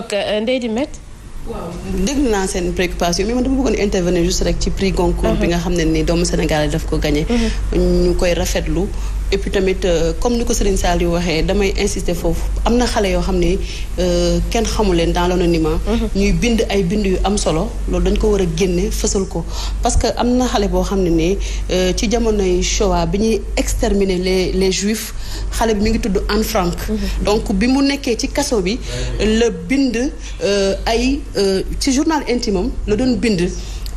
ok euh, Ndeye di met waaw dégg naa seen préoccupation mais man dama bëggoon intervenir juste rek ci prix Goncourt bi mhm. nga xam ne ni doomu Sénégal daf ko gagné. Mhm. ñu koy rafetlu et puis tamit euh, comme ni ko Serigne Saliou waxee damay insister foofu am na xale yoo xam ne euh, kenn xamu leen dans l'anonymat mhm. ñuy bind ay bind yu am solo loolu dañ ko war a génne fësal ko parce que am na xale boo xam ne ne euh, ci jamonoy Shoah bi ñuy exterminer les les juifs xale bi mi ngi tudd en Frank mhm. donc bi mu nekkee ci kaso bi la bind ay ci journal intime am la doon bind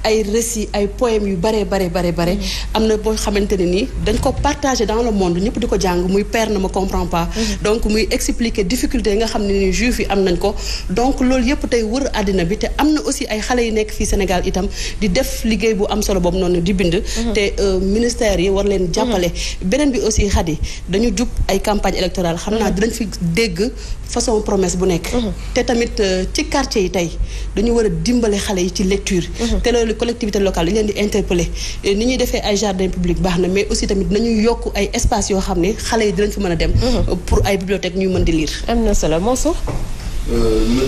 ay récits ay poèmes yu bare bare bare bare mm. am na boo xamante ne nii dañ ko partagé dans le monde ñëpp di ko jàng muy père ne me comprend pas mm. donc muy expliquer difficulté nga xam ne nii juif yi am nañ ko donc loolu yëpp tey wër àddina bi te am na aussi ay xale yi nekk fii Sénégal itam di def liggéey bu am solo boobu noonu di bind mm-hmm. te euh, ministère yi war leen mm-hmm. jàppale beneen bi aussi xadi dañu jub ay campagne électorale xam naa mm-hmm. dinañ fi dégg façon promesse bu nekk te tamit euh, ci quartier yi tey dañu war a dimbale xale yi ci lecture te collectivité locale dañu leen di interpeller ni ñuy defee ay jardin public baax na mais aussi tamit nañu yokk ay espace yoo xam ne xale yi dinañ fa mën a dem mm-hmm. pour ay bibliothèque ñuy mën di lire am na solo Mansour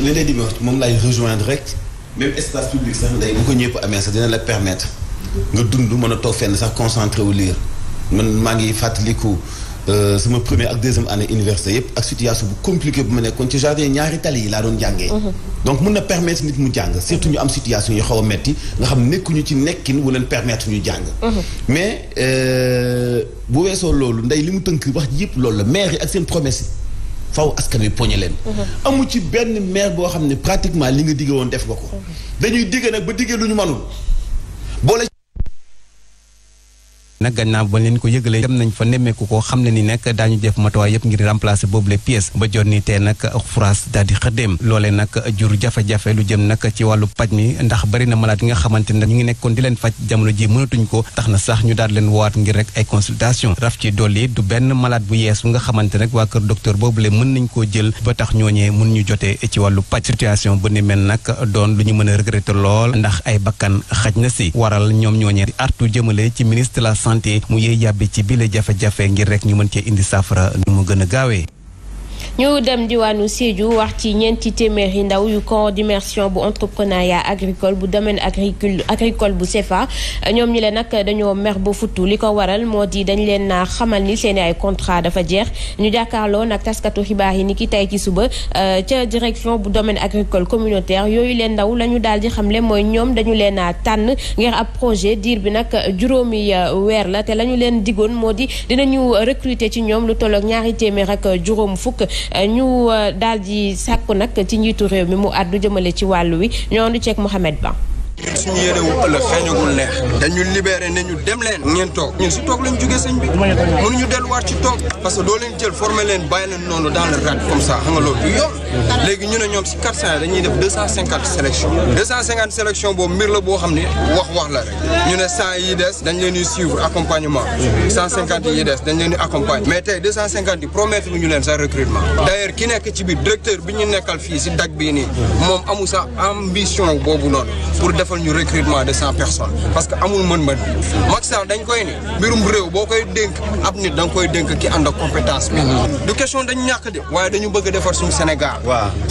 li lay di wax moom laay rejoindre rek même espace public sax day bu ko ñëpp amee sax dina la permettre nga dund mën a toog fenn sax concentré wu lire man maa ngi fàttaliku Euh, sama première ak deuxième année université yëpp ak situation bu compliqué bu ma nekkoon ci jardin ñaari tali yi laa doon jàngee. Mhm. donc mun na permettre nit mu jàng surtout ñu am situation yu xaw a metti nga xam nekkuñu ci nekkin wu leen permettre ñu jàng. Mhm. mais euh, bu weesoo loolu ndey li mu tënk wax ji yëpp loolu la maire yi ak seen promesse yi faw askan wi poñe leen. Mhm. amu ci benn maire boo xam ne pratiquement li nga digge woon def nga ko. dañuy digge nag ba digge nag gannaaw ba leen ko yëgalee dem nañ fa nemmeeku ko xam ne ni nekk daañu def matuwaay yëpp ngir remplacer boobule pièce ba jot ni tee nag France daal di xëddeem loolee nag jur jafe-jafe lu jëm nag ci wàllu paj mi ndax bari na malaat yi nga xamante ne ñu ngi nekkoon di leen faj jamono ji mënatuñ ko tax na sax ñu daal leen woowaat ngir rek ay consultation raf ci dolli du benn malaat bu yees nga xamante nag waa kër docteur boobule mën nañ koo jël ba tax ñooñee mën ñu jotee ci wàllu paj situation bu ni nag doon lu ñu mën a regretter lool ndax ay bakkan xaj na si waral ñoom ñooñee artu jëmale ci ministre la santé mu yee yàbbi ci bile jafe-jafe ngir rek ñu mën cee indi saafara nu mu gën a gaawee. ñu dem diwaanu Sédhiou wax ci ñeenti téeméeri ndaw yu camp d'immersion bu entrepreneuriat agricole bu domaine agricole agricole bu CFA ñoom ñu leen nag dañoo mer ba futtu li ko waral moo di dañ leen naa xamal ni seen ay contrat dafa jeex ñu jàkkaarloo nag taskatu xibaar yi ni ki tey ci suba euh, ca direction bu domaine agricole communautaire yooyu leen ndaw la ñu daal di xamle mooy ñoom dañu leen a tànn ngir ab projet diir bi nag juróomi euh, weer la te la ñu leen digoon moo di dinañu recruter ci ñoom lu tolloog ñaari téeméer ak juróom fukk Euh, ñu euh, daal di sàkku nag ci njiitu réew mi mu du jëmale ci wàllu wi ñoo àndu ceeg Mohamed Ba ñun suñu yéene wu ëllëg xeeñagul neex dañu libéré ne ñu dem leen ngeen toog ñun si toog lañ jógee sëñ bi mënuñu delluwaat ci toog parce que doo leen jël formé leen bàyyi leen noonu dans le rat comme ça xam nga loolu du yoon léegi ñu ne ñoom si 400 yi dañuy def 250 sélection 250 sélection boobu mbir la boo xam ne wax wax la rek ñu ne 100 yi des dañ leen di suivre accompagnement 150 yi des dañ leen di accompagner mais tey 250 yi promettre ñu leen sa recrutement nekk ci biir directeur bi moom amu sa ambition boobu noonu pour defal ñu recrutement de boo koy dénk ab nit da koy dénk ki ànd compétence bi mhm. du question dañ ñàkk de waaye dañu bëgg defar suñu Sénégal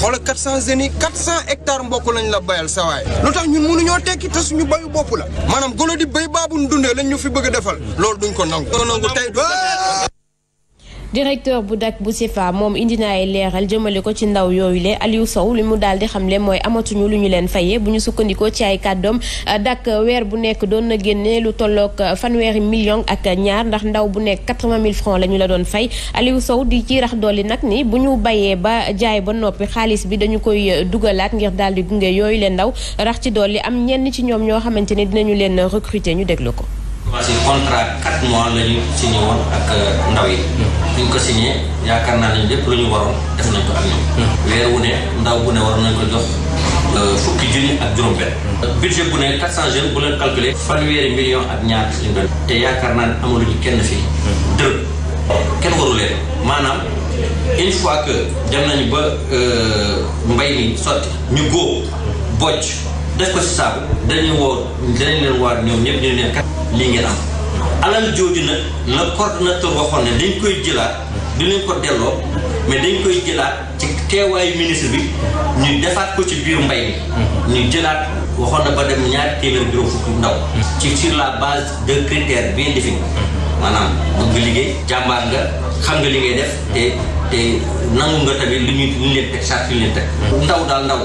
xoola quatre cent jeunes yi quatre cent hectares mbokk lañ la bayal sawaay lu tax ñun mënuñoo tekki te suñu bayu bopp la maanaam golo di béy baabu dundee lañ ñu fi bëgg defal loolu duñ ko nangu nangu tey directeur bu dak bu sifa moom indi na leeral jëmale ko ci ndaw yooyu le Aliou Sow li mu daal di xamle mooy amatuñu lu ñu leen fayee bu ñu sukkandikoo ci ay kàddoom dak weer bu nekk doon na génne lu tolloog fanweeri million ak ñaar ndax ndaw bu nekk 80 000 francs la ñu la doon fay Aliou Sow di ci rax dolli nag ni bu ñu bayee ba jaay ba noppi xaalis bi dañu koy dugalaat ngir daal di gunge yooyu leen ndaw rax ci dolli am ñenn ci ñoom ñoo xamante ni dinañu leen recruter ñu déglu ko si contrat 4 mois la ñu ak euh, ndaw yi. Hmm. bu ñu ko signé yaakaar naa ne lépp lu ñu waroon def nañ ko ak ñoom. Hmm. weer wu ne ndaw bu ne war nañ ko jox euh, fukki junni ak juróom-benn. Hmm. Euh, bu ne 400 jeunes bu leen te yaakaar naa ne amaluñu kenn fii. dërëm kenn waru maanaam une fois que dem nañu ba mbay mi sotti ñu góob bocc def ko si saabu dañuy woo danañ leen waar ñoom ñëpp ñu ne leen lii ngeen am alal jooju na la coordinateur waxoon ne dañ koy jëlaat du leen ko delloo mais dañ koy jëlaat ci teewaayu ministre bi ñu defaat ko ci biir mbay ñu jëlaat waxoon na ba dem ñaari téeméer juróom fukki ndaw ci sur la base de critères bien définis maanaam bëgg nga liggéey jàmbaar nga xam nga li ngay def te te nangu nga tamit lu ñu lu ñu leen teg sart yu leen teg ndaw daal ndaw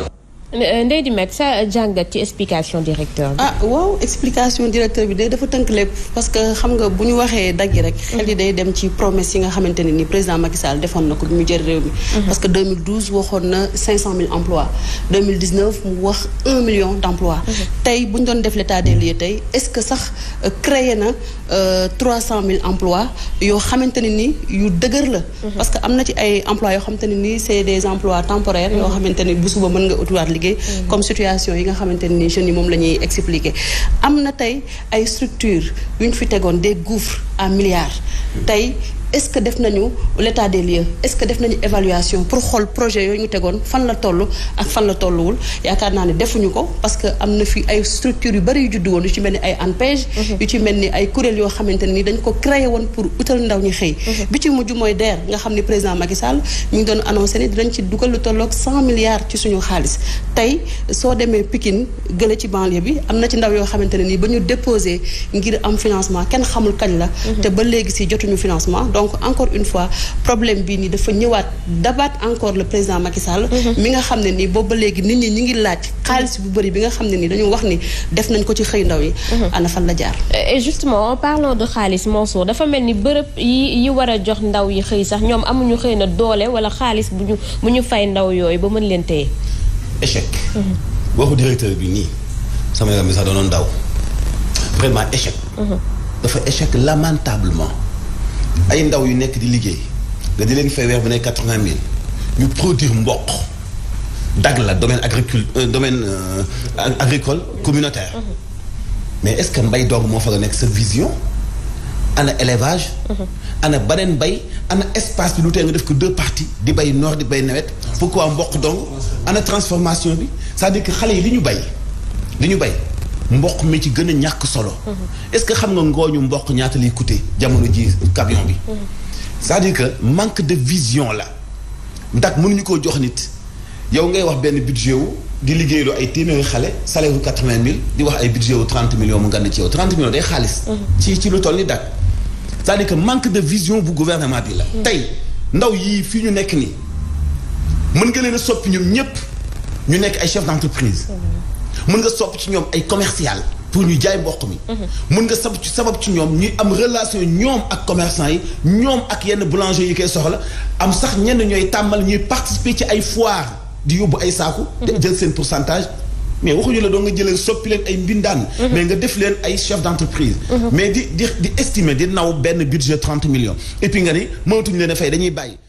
Euh, Ndeye di met sa jàngat ci explication directeur bi. ah waaw bi day dafa tënk lépp parce que xam nga bu ñu waxee dagg rek. xel yi day dem ci promesse yi nga xamante ne ni président Macky Sall defoon na ko bu ñu jël réew mi. Mhm. parce que 2012 waxoon na 500000 emplois 2019 mu wax 1 million d' emplois. Mhm. tey bu ñu doon def l' état tey est que sax euh, créé na 300000 euh, emplois yoo xamante ne ni yu dëgër la. Mhm. parce que am na ci ay emplois yoo xamante ni c' est des emplois temporaires. yoo xamante bu suba mën nga utiwaat liggéey mm-hmm. comme situation yi nga xamante ni jeunes yi moom la ñuy expliquer am na tey ay structures yu ñu fi tegoon des gouffres à milliards mm-hmm. tey est-ce que def nañu l'état des lieux est-ce que def nañu évaluation pour xool projet yooyu ñu tegoon fan la toll ak fan la tolluwul yaakaar naa ne defuñu ko parce que am na fi ay structures yu bëri yu juddu woon yu ci mel ni ay ANPEJ mhm. yu ci mel ni ay kuréel yoo xamante nii dañ ko créé woon pour utal ndaw ñi xëy mhm. bi ci mujj mooy DER nga xam ni président Macky Sall ñu ngi doon annoncé ni dinañ ci dugal lu tolloog ci suñu xaalis tey soo demee pikin gële ci banlieue bi am na ci ndaw yoo xamante ne nii ba ñu déposé ngir am financement kenn xamul kañ la mhm. te ba léegi si jotuñu financement donc encore une fois problème bii nii dafa ñëwaat dabaat encore le président Macky Sall. Mhm. mi nga xam ne nii booba léegi nit ñi ñi ngi laaj xaalis bu bëri bi nga xam ne nii dañu wax ni def nañ ko ci xëy ndaw yi mhm. a fan la jaar et justement parlons de xaalis Mansour dafa mel ni bërëb yi yi war a jox ndaw yi xëy sax ñoom amuñu xëy na doole wala xaalis bu ñu bu ñu fay ndaw yooyu ba mën leen téye échec mhm. waxu directeur bi nii sama yaram bi sax doonoon daw vraiment échec échec lamentablement ay ndaw yu nekk di liggéey nga di leen fay weer bu ne quatre-vingt mille ñu produire mboq dag la domaine agricule euh, domaine euh, agricole communautaire mhm. mais est-ce que mbay dong moo fa nga nekk sa vision ana élevage mhm. ana baneen bay ana espace bi lu tee nga def ko deux parties di bay noor di bay nawet pourquoi mboq dong ana transformation bi c'est-à-dire que xale yi li ñu bay li ñu bay mboq mi ci gën a ñàkk solo. est-ce que xam nga ngooñu mboq ñaata lay coûter jamono ji camion bi. c'est-à-dire que manque de vision la. ndax mënuñu koo jox nit yow ngay wax benn budget wu di liggéeyloo ay téeméeri xale salaire wu quatre-vingt mille di wax ay budget wu trente millions mu ngand ci yow trente millions day xaalis. ci ci lu toll ni dak c'est-à-dire que manque de vision bu gouvernement bi la. Mm. tey ndaw yii fii ñu nekk nii mën nga leen a soppi ñoom ñëpp ñu nekk ay chef d'entreprise. Mm. mën nga sopp ci ñoom ay commercial pour ñu jaay mboq mi. Mhm. mën nga sabab ci sabab ci ñoom ñuy am relation ñoom ak commerçant yi ñoom ak yenn boulanger yi koy soxla am sax ñenn ñooy tàmmal ñuy participer ci ay foire di yóbbu ay saaku. te mhm. jël seen pour pourcentage. mais waxuñu la doon nga jëlee soppi leen ay mbindaan. Mhm. mais nga def leen ay chef d' entreprise. mais di di di estimer di naw benn budget trente millions. et puis nga ni mënatuñu leen a dañuy bàyyi.